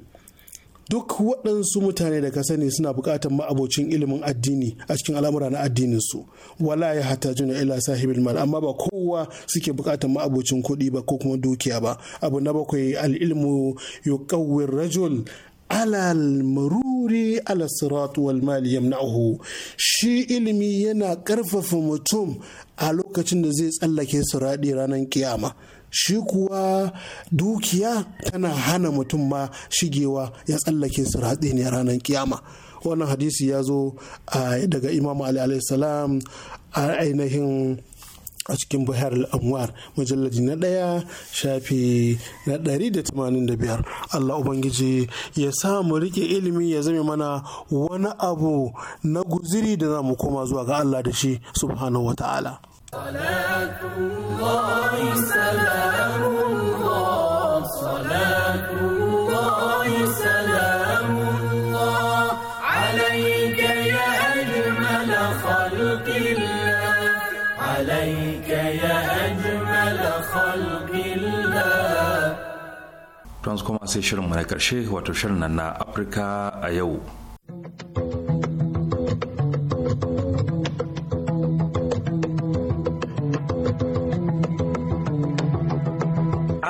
duk waɗansu mutane da ka sani suna buƙatar ma'abocin ilimin addini a cikin al'amura na addinin su wala ya hata juna ila sahibin mal amma ba kowa suke buƙatar ma'abocin kuɗi ba ko kuma dukiya ba abu na bakwai al'ilmu yuqawwir rajul alal maruri ala siratu wal mali yamna'uhu shi ilimi yana karfafa mutum a lokacin da zai tsallake siradi ranar kiyama shi kuwa dukiya tana hana mutum ma shigewa ya tsallake siradi ne ranar kiyama wannan hadisi ya zo ah, daga imam ali salam a ainihin a cikin buhar al'amwar mujalladi na ɗaya shafi na ɗari da tamanin da biyar allah ubangiji ya sa mu rike ilimi ya zame mana wani abu na guziri da za mu koma zuwa ga allah da shi subhanahu wa ta'ala don kuma sai shirinmu na karshe wato shirin nan na afirka a yau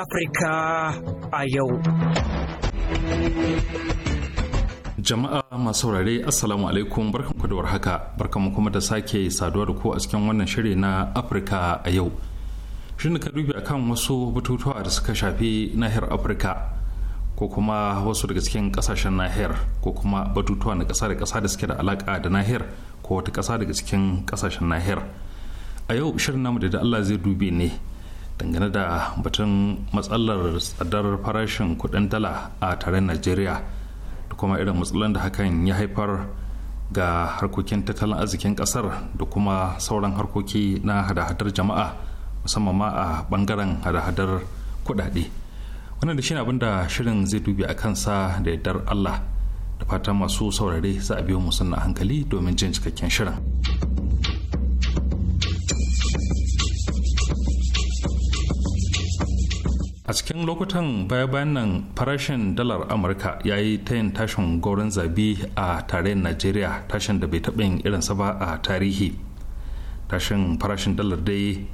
afirka a yau jama'a masu saurare assalamu alaikum barkanku da warhaka barkanku kuma da sake saduwa da ku a cikin wannan shiri na afirka a yau shirin ka dubi akan wasu batutuwa da suka shafi nahiyar afirka ko kuma wasu daga cikin kasashen nahiyar ko kuma batutuwa na kasa da kasa da suke da alaka da nahiyar ko wata kasa daga cikin kasashen nahiyar a yau shirin namu da da allah zai dube ne dangane da batun matsalar tsadar farashin kudin dala a tarayyar najeriya da kuma irin matsalan da hakan ya haifar ga harkokin tattalin arzikin kasar da kuma sauran harkoki na hada-hadar jama'a musamman ma a bangaren hada-hadar kuɗaɗe wannan da shi abin da shirin zai dubi a kansa da yardar allah da fata masu saurare za a biyo musamman sannan hankali domin jin cikakken shirin a cikin lokutan baya-bayan nan farashin dalar amurka ya yi ta yin tashin gauran zabi a tarayyar najeriya tashin da bai taɓa yin irinsa ba a tarihi tashin farashin dalar dai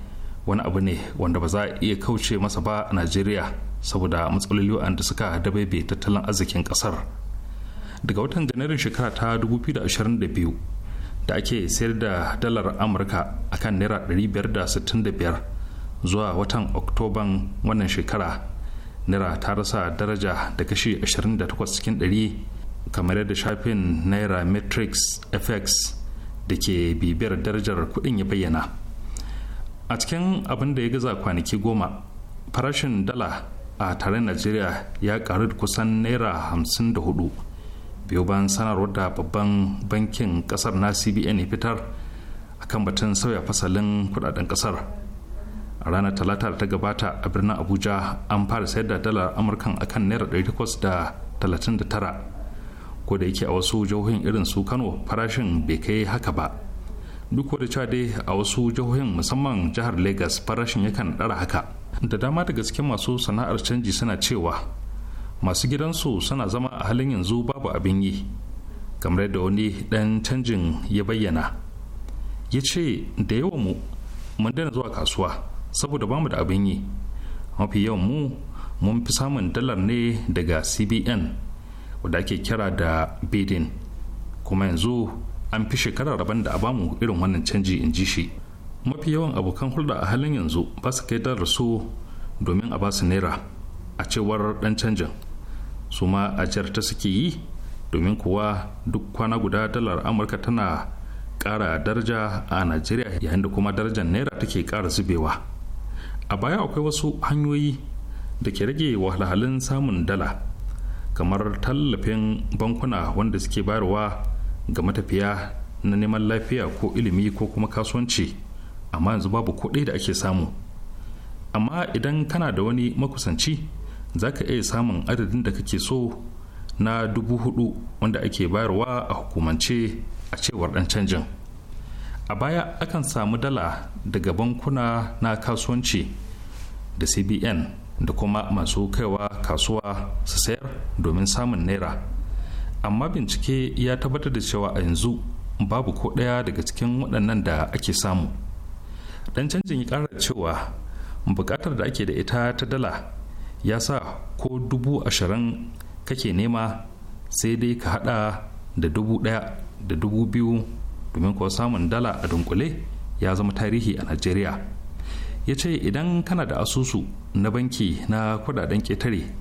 wani abu ne wanda ba za a iya kauce masa ba a najeriya saboda matsaloli waɗanda suka dabaibe tattalin arzikin ƙasar daga watan janairun shekara ta 2022 da ake sayar da dalar amurka akan naira 565 zuwa watan oktoban wannan shekara naira ta rasa daraja da kashi 28 cikin 100 kamar yadda shafin naira matrix fx da ke bibiyar darajar kuɗin ya bayyana a cikin abin da ya gaza kwanaki goma farashin dala a tare najeriya ya karu kusan naira hamsin da hudu biyu bayan sanarwar da babban bankin kasar na cbn ya fitar akan batun sauya fasalin kudaden kasar a ranar talata da ta gabata a birnin abuja an fara sayar da dalar amurkan akan naira da tara ko da yake a wasu jihohin irin su kano farashin bai kai haka ba duk da cewa dai a wasu jihohin musamman jihar lagos farashin yakan ɗara haka da dama da gaske masu sana'ar canji suna cewa masu gidansu suna zama a halin yanzu babu abin yi kamar yadda wani dan canjin ya bayyana ya ce da yawan mu mun daina zuwa kasuwa saboda bamu da abin yi mafi yawan mu mun fi samun dalar ne daga cbn wadda ake kira da bidin kuma yanzu an fi shekara rabon da a bamu irin wannan canji in ji shi mafi yawan abokan hulɗa a halin yanzu ba su kai dalar su domin a ba su naira a cewar ɗan canjin su ma ajiyar ta suke yi domin kuwa duk kwana guda dalar amurka tana ƙara daraja a najeriya yayin da kuma darajar naira take ƙara zubewa a baya akwai wasu hanyoyi da ke rage wahalhalun samun dala kamar tallafin bankuna wanda suke bayarwa ga matafiya na neman lafiya ko ilimi ko kuma kasuwanci amma yanzu babu kuɗi da ake samu amma idan kana da wani makusanci za ka iya samun adadin da kake so na dubu hudu wanda ake bayarwa a hukumance a cewar dan canjin a baya akan samu dala daga bankuna na kasuwanci da cbn da kuma masu kaiwa kasuwa su sayar domin samun naira amma bincike ya tabbatar da cewa a yanzu babu ko ɗaya daga cikin waɗannan da ake samu dan canjin ya ƙara cewa buƙatar da ake da ita ta dala ya sa ko dubu ashirin kake nema sai dai ka haɗa da dubu ɗaya da dubu biyu domin kuwa samun dala a dunkule ya zama tarihi a najeriya ya ce idan kana da asusu na banki na kudaden ketare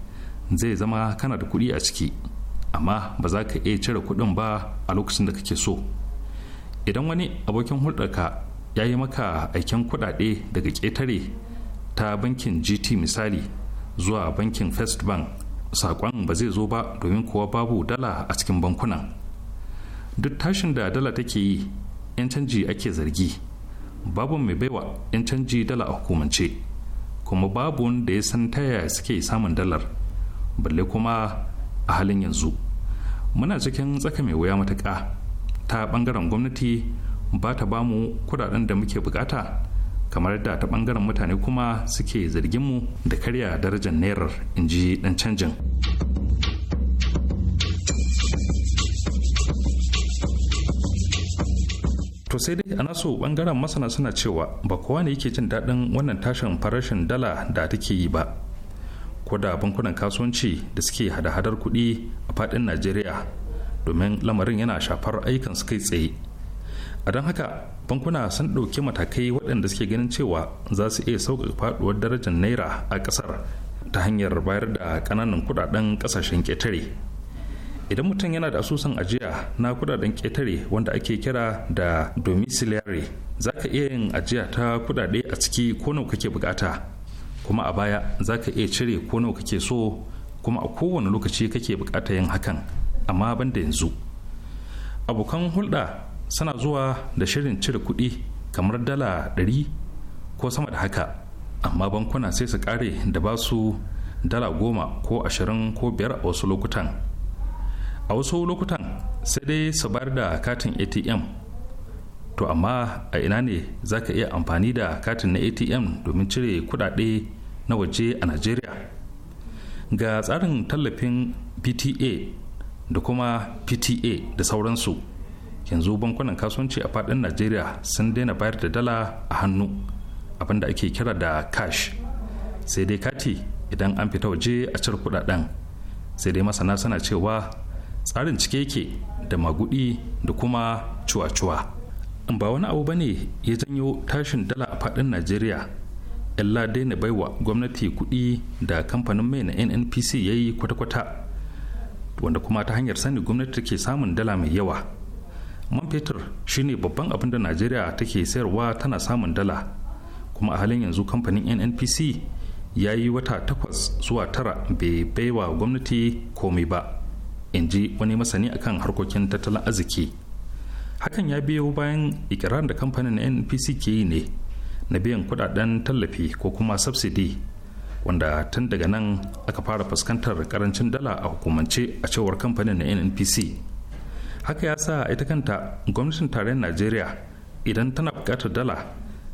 zai zama kana da kuɗi a ciki amma ba za ka iya cire kuɗin ba a lokacin da kake so idan wani abokin ka ya yi maka aiken kuɗaɗe daga ƙetare ta bankin gt misali zuwa bankin first bank saƙon ba zai zo ba domin kuwa babu dala a cikin bankunan duk tashin da dala take yi 'yan canji ake zargi babu mai baiwa 'yan canji dala a hukumance kuma babu wanda ya san taya suke samun dalar balle kuma a halin yanzu muna cikin tsaka mai wuya matuƙa ta ɓangaren gwamnati ba ta ba mu kudaden da muke bukata kamar da ta ɓangaren mutane kuma suke zargin mu da karya darajar naira in ji dan canjin to sai dai a naso ɓangaren masana suna cewa ba kowa ne yake jin daɗin wannan tashin farashin dala da take yi ba ko da bankunan kasuwanci da suke hada-hadar kuɗi a faɗin najeriya domin lamarin yana shafar ayyukan su kai tsaye a don haka bankuna sun ɗauki matakai waɗanda suke ganin cewa za su iya sauƙaƙa faɗuwar darajar naira a ƙasar ta hanyar bayar da ƙananan kuɗaɗen ƙasashen ƙetare idan mutum yana da asusun ajiya na kuɗaɗen ƙetare wanda ake kira da domiciliary za ka iya yin ajiya ta kuɗaɗe a ciki ko nawa kake bukata kuma a baya za ka iya cire ko nawa kake so kuma a kowane lokaci kake bukata yin hakan amma banda yanzu abokan hulɗa suna zuwa da shirin cire kuɗi kamar dala ɗari ko sama da haka amma bankuna sai su kare da ba su dala goma ko ashirin ko biyar a wasu lokutan a wasu lokutan sai dai su bayar da katin atm to amma a ina ne za ka iya amfani da katin na atm domin cire kudade na waje a najeriya ga tsarin tallafin pta da kuma pta da sauransu yanzu bankunan kasuwanci a faɗin najeriya sun daina bayar da dala a hannu abinda ake kira da cash sai dai kati idan an fita waje a cire kudaden sai dai masana suna cewa tsarin cike yake da magudi da kuma cuwa-cuwa ba wani abu bane ya janyo tashin dala a faɗin najeriya yalla daina baiwa gwamnati kuɗi da kamfanin mai na nnpc ya yi kwata-kwata wanda kuma ta hanyar sani gwamnati ke samun dala mai yawa man fetur shine babban abin da najeriya take sayarwa tana samun dala kuma a halin yanzu kamfanin nnpc ya yi wata takwas zuwa tara bai baiwa gwamnati komai ba in ji wani masani akan harkokin tattalin arziki hakan ya biyo bayan ikirarin da kamfanin npc ke yi ne na biyan kudaden tallafi ko kuma subsidy wanda tun daga nan aka fara fuskantar karancin dala a hukumance a cewar kamfanin na nnpc haka ya sa ita kanta gwamnatin tarayyar najeriya idan tana bukatar dala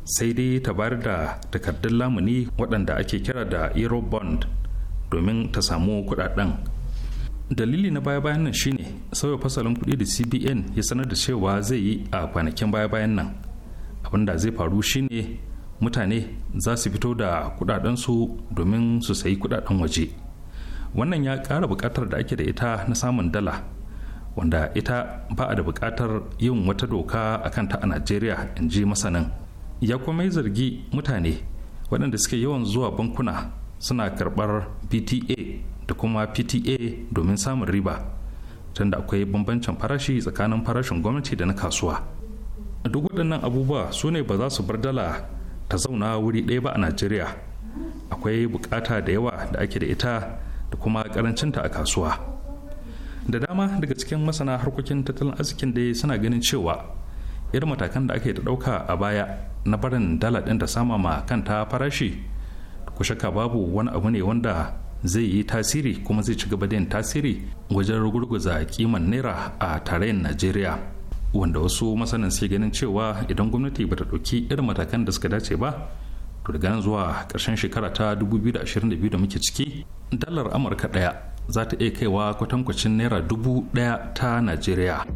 sai dai ta bayar da takardun lamuni waɗanda ake kira da eurobond domin ta samu kudaden dalili na baya-bayan nan shine sauya fasalin kuɗi da cbn ya sanar da cewa zai yi a kwanakin baya-bayan nan da zai faru shine mutane za su fito da kudadensu domin su sayi kudaden waje wannan ya kara bukatar da ake da ita na samun dala wanda ita ba a da bukatar yin wata doka a kanta a najeriya in ji masanin ya kuma zargi mutane waɗanda suke yawan zuwa bankuna suna karɓar pta da kuma pta domin samun riba tunda akwai bambancin farashi tsakanin farashin gwamnati da na kasuwa duk waɗannan abubuwa su ne ba za su bar dala ta zauna wuri ɗaya ba a najeriya akwai bukata da yawa da ake da ita da kuma karancinta a kasuwa da dama daga cikin masana harkokin tattalin arzikin da suna ganin cewa irin matakan da ake da ɗauka a baya na barin dala ɗin da sama ma kanta farashi ku shaka babu wani abu ne wanda zai yi tasiri kuma zai ci gaba da yin tasiri wajen rugurguza kiman naira a tarayyar najeriya wanda wasu masanan sai ganin cewa idan gwamnati bata ɗauki irin matakan da suka dace ba to daga nan zuwa ƙarshen shekara ta 2022 da muke ciki dalar amurka ɗaya za ta iya kaiwa kwatankwacin naira dubu ɗaya ta najeriya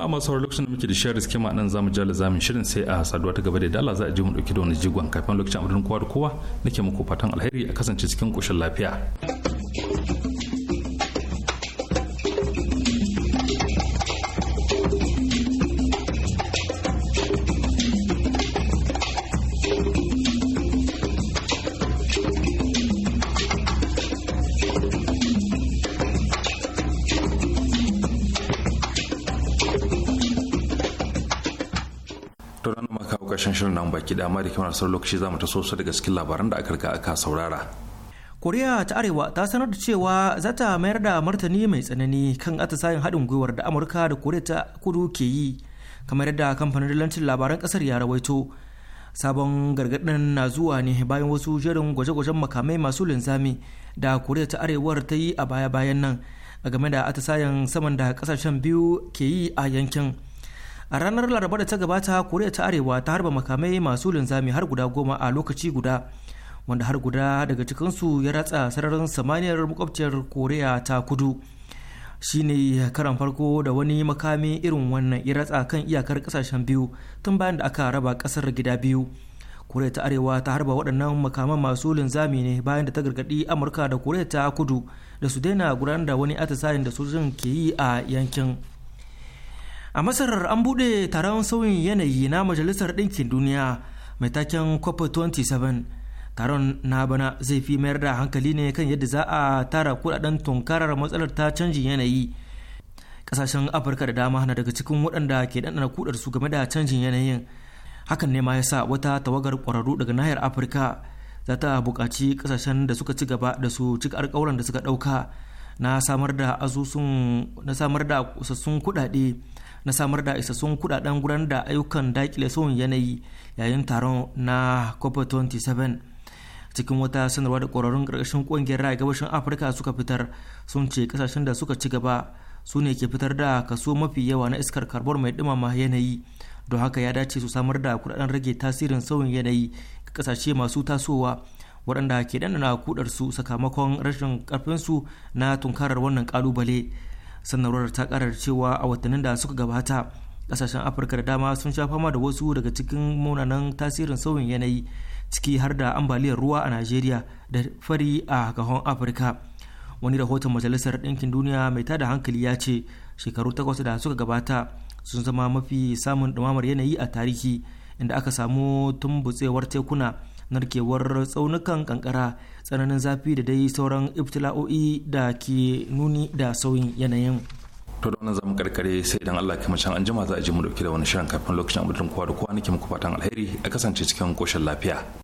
a masu sauran lokacin da muke da shirin riske nan za mu jala zamin shirin sai a saduwa ta gaba da dala za a ji mu dauki da wani jigon kafin lokacin amurin kowa da kowa nake muku fatan alheri a kasance cikin koshin lafiya. karshen shirin nan baki da da kyau sauran lokaci za mu taso su daga cikin labaran da aka riga aka saurara. Koriya ta Arewa ta sanar da cewa za ta mayar da martani mai tsanani kan atisayen haɗin gwiwar da Amurka da Koriya ta Kudu ke yi kamar yadda kamfanin dalancin labaran kasar ya rawaito. Sabon gargaɗin na zuwa ne bayan wasu jerin gwaje-gwajen makamai masu linzami da Koriya ta Arewar ta yi a baya-bayan nan a game da atisayen saman da kasashen biyu ke yi a yankin. a ranar laraba da ta gabata koriya ta arewa ta harba makamai masu linzami har guda goma a lokaci guda wanda har guda daga cikinsu ya ratsa sararin samaniyar makwabciyar koriya ta kudu shine karan farko da wani makami irin wannan ya ratsa kan iyakar kasashen biyu tun bayan da aka raba kasar gida biyu koriya ta arewa ta harba waɗannan makaman masu linzami ne bayan da ta gargaɗi amurka da koriya ta kudu da su daina gudanar da wani atisayen da sojin ke yi a yankin a masarar an buɗe taron sauyin yanayi na majalisar ɗinkin duniya mai taken cop 27 taron na bana zai fi mayar da hankali ne kan yadda za a tara kudaden tunkarar matsalar ta canjin yanayi ƙasashen afirka da dama na daga cikin waɗanda ke ɗanɗana kudar su game da canjin yanayin hakan ne ma ya sa wata tawagar ƙwararru daga nahiyar afirka za ta buƙaci ƙasashen da suka ci gaba da su cika alƙawuran da suka ɗauka na samar da asusun na samar da kusassun kuɗaɗe na samar da isassun kudaden gudanar da ayyukan dakile sauyin yanayi yayin taron na cop 27 cikin wata sanarwa da ƙwararrun ƙarƙashin ƙungiyar raya gabashin afirka suka fitar sun ce kasashen da suka ci gaba su ne ke fitar da kaso mafi yawa na iskar karbon mai ɗumama yanayi don haka ya dace su samar da kudaden rage tasirin sauyin yanayi ga kasashe masu tasowa waɗanda ke danna kudarsu sakamakon rashin ƙarfinsu na tunkarar wannan ƙalubale sanarwar ta karar cewa a watannin da suka gabata kasashen afirka da dama sun sha fama da wasu daga cikin munanan tasirin sauyin yanayi ciki har da ambaliyar ruwa a najeriya da fari a gahon afirka wani rahoton majalisar ɗinkin duniya mai tada hankali ya ce shekaru takwas da suka gabata sun zama mafi samun ɗumamar yanayi a tarihi inda aka samu tumbutsewar tekuna narkewar tsaunukan kankara tsananin zafi da dai sauran iftila'o'i da ke nuni da sauyin yanayin to da wannan zamu karkare sai idan Allah kuma can an za a je mu dauki da wani shirin kafin lokacin abudin kowa da kowa nake muku fatan alheri a kasance cikin koshin lafiya